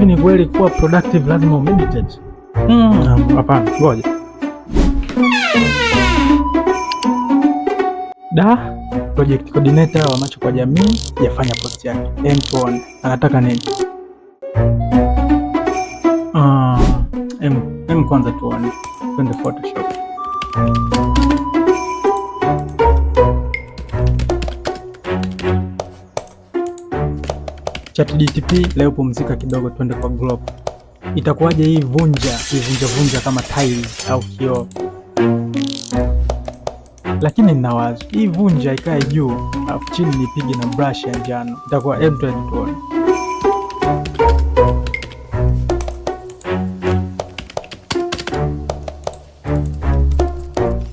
hivi ni kweli kuwa productive lazima umeditate? Hmm, hapana, ngoja. Da, project coordinator wa macho kwa jamii yafanya post yake. M1 anataka nini? Ah, M, M kwanza tuone. Twende Photoshop. ChatGPT leo pumzika kidogo, twende kwa globe. Itakuwaje hii vunja ivunja vunja kama tile au kioo? Lakini nina wazo, hii vunja ikae juu alafu chini nipige na brush ya njano, itakuwa tuone.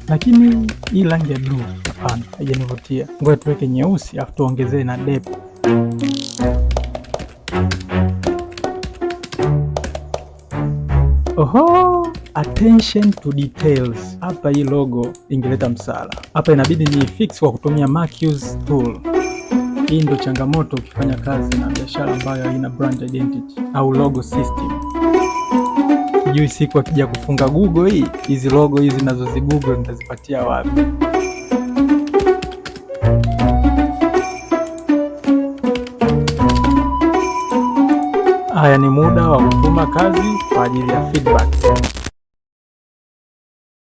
Lakini hii rangi ya blue, hapana, haijanivutia. Ngoja tuweke nyeusi alafu tuongezee na depth. Oho, attention to details. Hapa hii logo ingeleta msala. Hapa inabidi ni fix kwa kutumia Marcuse tool. Hii ndio changamoto ukifanya kazi na biashara ambayo haina brand identity au logo system. Sijui siku akija kufunga Google hii, hizi logo hizi nazozi Google nitazipatia wapi? Haya ni muda wa kutuma kazi kwa ajili ya feedback.